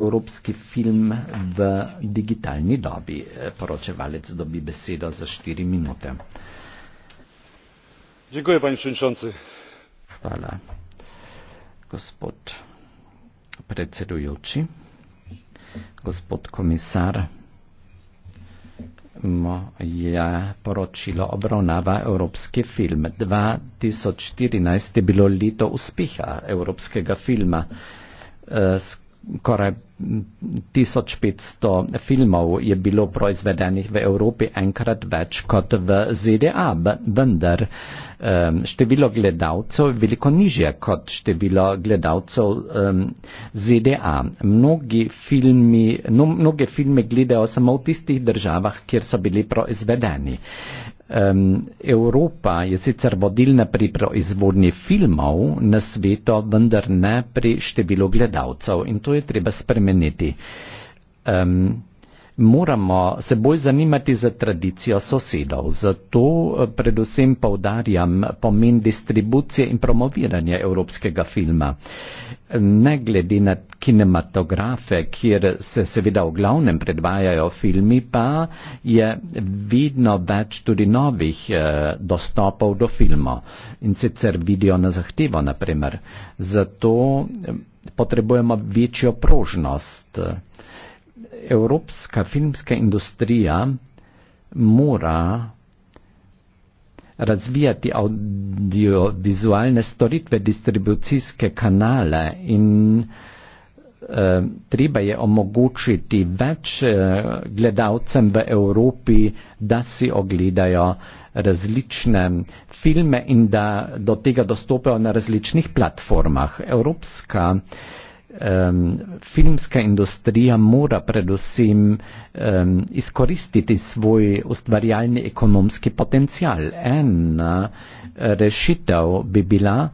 evropski film v digitalni dobi. Eh, poročevalec dobi besedo za štiri minute. Dziękuję panie przewodniczący. Hvala. Gospod predsedujoči, gospod komisar, moje poročilo obravnava evropski film. 2014 je bilo leto uspeha evropskega filma. Eh, skoraj 1500 filmov je bilo proizvedenih v Evropi enkrat več kot v ZDA, vendar um, število gledalcev je veliko nižje kot število gledalcev um, ehm, ZDA. Mnogi filmi, no, mnoge filme gledajo samo v tistih državah, kjer so bili proizvedeni. Um, Evropa je sicer vodilna pri proizvodnji filmov na svetu, vendar ne pri številu gledalcev in to je treba spremeniti spremeniti. Um, moramo se bolj zanimati za tradicijo sosedov. Zato eh, predvsem povdarjam pomen distribucije in promoviranja evropskega filma. Ne glede na kinematografe, kjer se seveda v glavnem predvajajo filmi, pa je vedno več tudi novih eh, dostopov do filma in sicer vidijo na zahtevo, naprimer. Zato eh, potrebujemo večjo prožnost evropska filmska industrija mora razvijati audiovizualne storitve, distribucijske kanale in eh, treba je omogočiti več eh, gledalcem v Evropi, da si ogledajo različne filme in da do tega dostopajo na različnih platformah. Evropska eh, um, filmska industrija mora predvsem um, izkoristiti svoj ustvarjalni ekonomski potencial. Ena rešitev bi bila,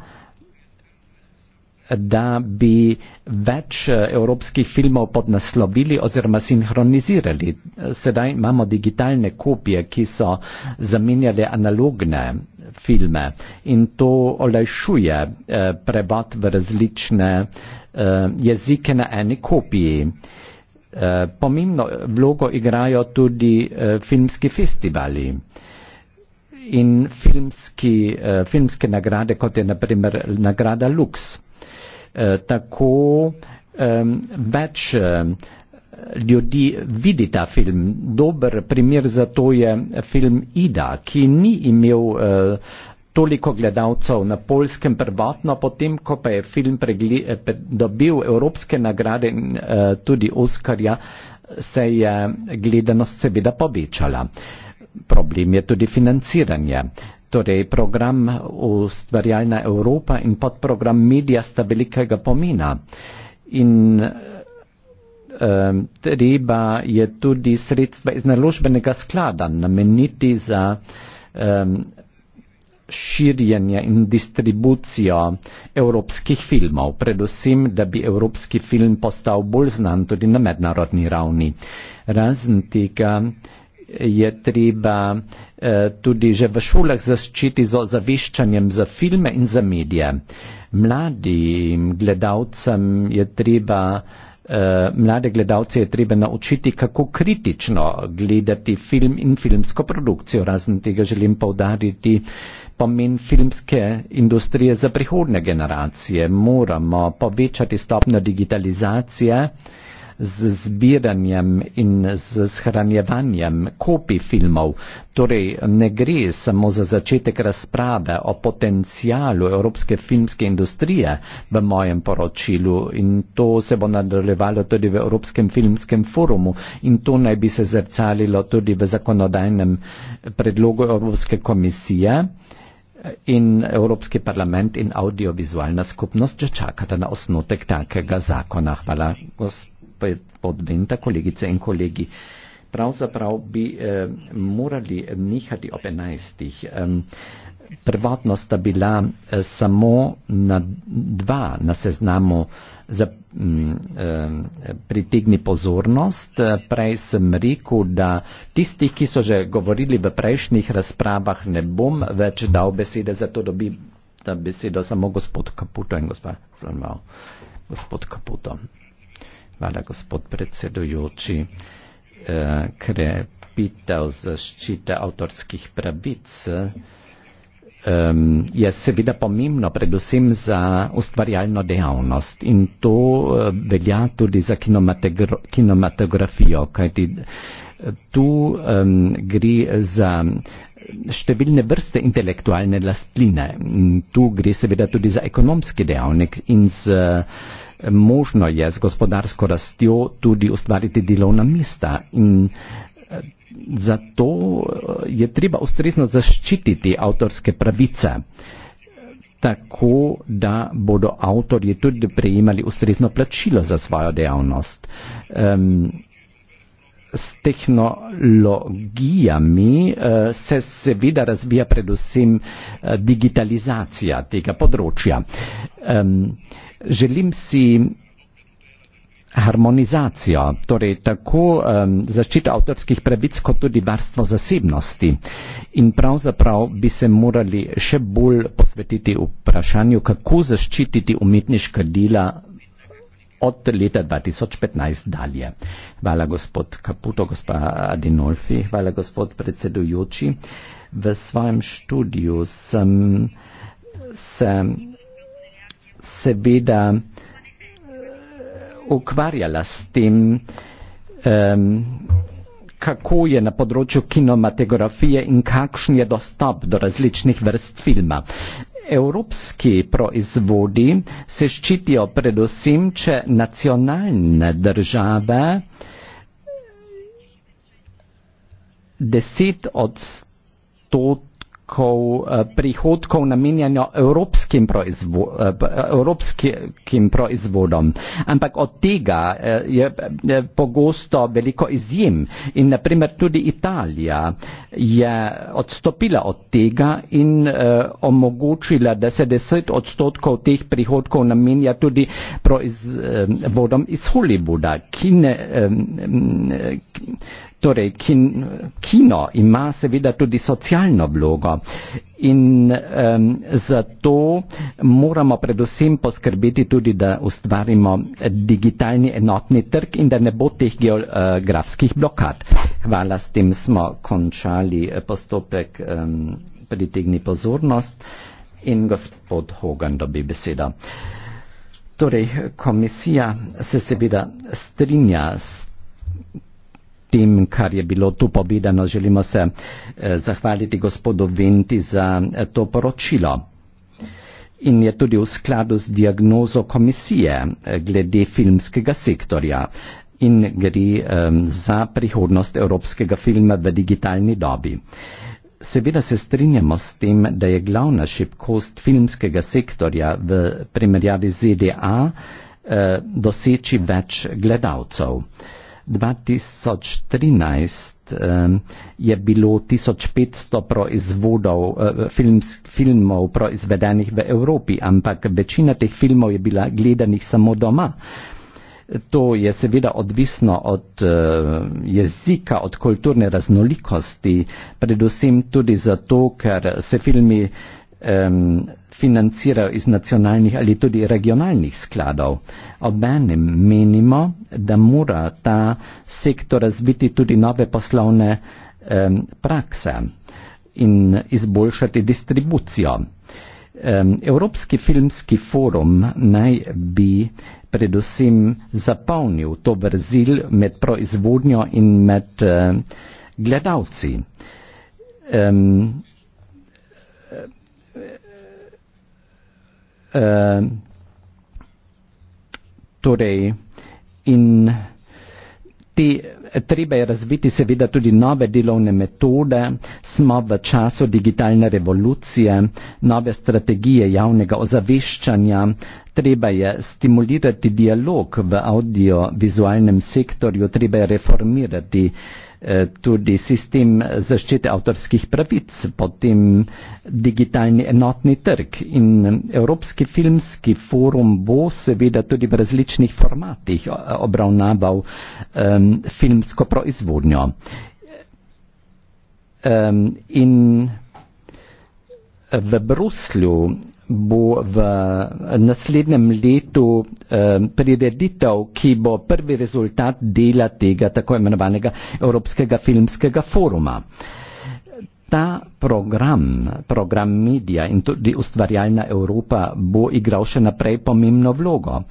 da bi več eh, evropskih filmov podnaslovili oziroma sinhronizirali. Sedaj imamo digitalne kopije, ki so zamenjale analogne filme in to olajšuje eh, prevod v različne eh, jezike na eni kopiji. Pomembno vlogo igrajo tudi filmski festivali in filmski, filmske nagrade, kot je naprimer nagrada Lux. Eh, tako um, več ljudi vidi ta film. Dober primer za to je film Ida, ki ni imel uh, toliko gledalcev na polskem prvotno, potem ko pa je film pregli, eh, dobil evropske nagrade in uh, tudi Oskarja, se je gledanost seveda povečala. Problem je tudi financiranje. Uh, Torej, program Ustvarjalna Evropa in podprogram Medija sta velikega pomena. In eh, treba je tudi sredstva iz naložbenega sklada nameniti za eh, širjenje in distribucijo evropskih filmov, predvsem, da bi evropski film postal bolj znan tudi na mednarodni ravni. Razen tega je treba eh, tudi že v šolah zaščiti z zaviščanjem za filme in za medije. Mladim gledalcem je treba eh, Mlade gledalce je treba naučiti, kako kritično gledati film in filmsko produkcijo. Razen tega želim povdariti pomen filmske industrije za prihodne generacije. Moramo povečati stopno digitalizacije, eh, z zbiranjem in z shranjevanjem kopij filmov. Torej, ne gre samo za začetek razprave o potencijalu evropske filmske industrije v mojem poročilu in to se bo nadaljevalo tudi v Evropskem filmskem forumu in to naj bi se zrcalilo tudi v zakonodajnem predlogu Evropske komisije in Evropski parlament in audiovizualna skupnost, če čakate na osnotek takega zakona. Hvala. Gosp podventa, kolegice in kolegi. Pravzaprav bi eh, morali nehati ob enajstih. Eh, prvotno sta bila eh, samo na dva na seznamu za hm, eh, pritegni pozornost. Prej sem rekel, da tistih, ki so že govorili v prejšnjih razpravah, ne bom več dal besede, zato dobi besedo samo gospod Kaputo in gospod Flamau. Gospod Kaputo. Hvala, gospod predsedujoči. Eh, krepitev zaščite avtorskih pravic eh, je seveda pomembno predvsem za ustvarjalno dejavnost in to eh, velja tudi za kinematografijo, kajti eh, tu eh, gre za številne vrste intelektualne lastline. Tu gre seveda tudi za ekonomski dejavnik in z eh, možno je z gospodarsko rastjo tudi ustvariti delovna mesta in eh, zato eh, je treba ustrezno zaščititi avtorske pravice, tako da bodo avtorji tudi prejemali ustrezno plačilo za svojo dejavnost. Um, s tehnologijami eh, se seveda razvija predvsem eh, digitalizacija tega področja. Želim si harmonizacijo, torej tako um, zaščito avtorskih pravic, kot tudi varstvo zasebnosti. In pravzaprav bi se morali še bolj posvetiti vprašanju, kako zaščititi umetniška dela od leta 2015 dalje. Hvala gospod Kaputo, gospa Adinolfi, hvala gospod predsedujoči. V svojem študiju sem se seveda eh, ukvarjala s tem, um, kako je na področju kinematografije in kakšen je dostop do različnih vrst filma evropski proizvodi se ščitijo predvsem, če nacionalne države deset odstotkov prihodkov, eh, prihodkov namenjeno evropskim, proizvo, eh, evropskim proizvodom. Ampak od tega eh, je pogosto veliko izjem in naprimer tudi Italija je odstopila od tega in omogočila, da se deset odstotkov teh prihodkov namenja tudi proizvodom iz Hollywooda, ki ne. Torej, kin, kino ima seveda tudi socialno vlogo in um, zato moramo predvsem poskrbeti tudi, da ustvarimo digitalni enotni trg in da ne bo teh geografskih blokad. Hvala, s tem smo končali eh, postopek um, pritegni pozornost in gospod Hogan dobi besedo. Torej, komisija se seveda strinja s tem, kar je bilo tu povedano, želimo se eh, zahvaliti gospodu Venti za eh, to poročilo. In je tudi v skladu s diagnozo komisije eh, glede filmskega sektorja in gre um, za prihodnost evropskega filma v digitalni dobi. Seveda se strinjamo s tem, da je glavna šibkost filmskega sektorja v primerjavi z ZDA uh, doseči več gledalcev. Uh, 2013 um, je bilo 1500 proizvodov, eh, films, filmov proizvedenih v Evropi, ampak večina teh filmov je bila gledanih samo doma. To je seveda odvisno od uh, jezika, od kulturne raznolikosti, predvsem tudi zato, ker se filmi um, financirajo iz nacionalnih ali tudi regionalnih skladov. Obenem menimo, da mora ta sektor razviti tudi nove poslovne um, prakse in izboljšati distribucijo. Um, Evropski filmski forum naj bi predvsem zapolnil to vrzil med proizvodnjo in med uh, gledalci. Um, Ehm, torej in te, treba je razviti seveda tudi nove delovne metode, smo v času digitalne revolucije, nove strategije javnega ozaveščanja, treba je stimulirati dialog v audiovizualnem sektorju, treba je reformirati uh, Eh, tudi sistem zaščite avtorskih pravic, potem digitalni enotni trg in Evropski filmski forum bo seveda tudi v različnih formatih eh, obravnaval um, filmsko proizvodnjo. Um, in v Bruslju bo v naslednjem letu eh, prireditev, ki bo prvi rezultat dela tega tako imenovanega Evropskega filmskega foruma. Ta program, program medija in tudi ustvarjalna Evropa bo igral še naprej pomembno vlogo.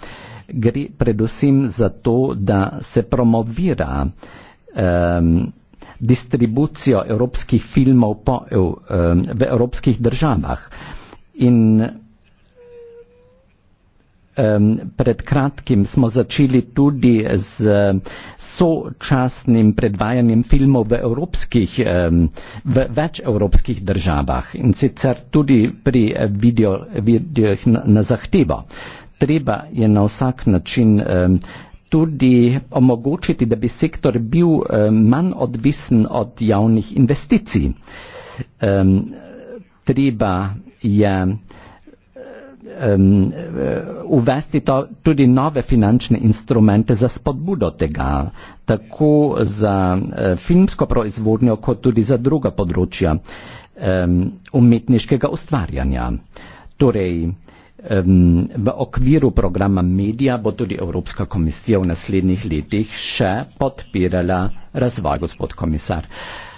Gre predvsem za to, da se promovira eh, distribucijo evropskih filmov po, eh, v evropskih državah in um, pred kratkim smo začeli tudi z sočasnim predvajanjem filmov v, evropskih, um, v več evropskih državah in sicer tudi pri eh, video, videoh na, na zahtevo. Treba je na vsak način um, tudi omogočiti, da bi sektor bil um, manj odvisen od javnih investicij. Um, treba je um, uvesti to, tudi nove finančne instrumente za spodbudo tega, tako za eh, filmsko proizvodnjo, kot tudi za druga področja um, umetniškega ustvarjanja. Torej, um, v okviru programa Media bo tudi Evropska komisija v naslednjih letih še podpirala razvoj, gospod komisar.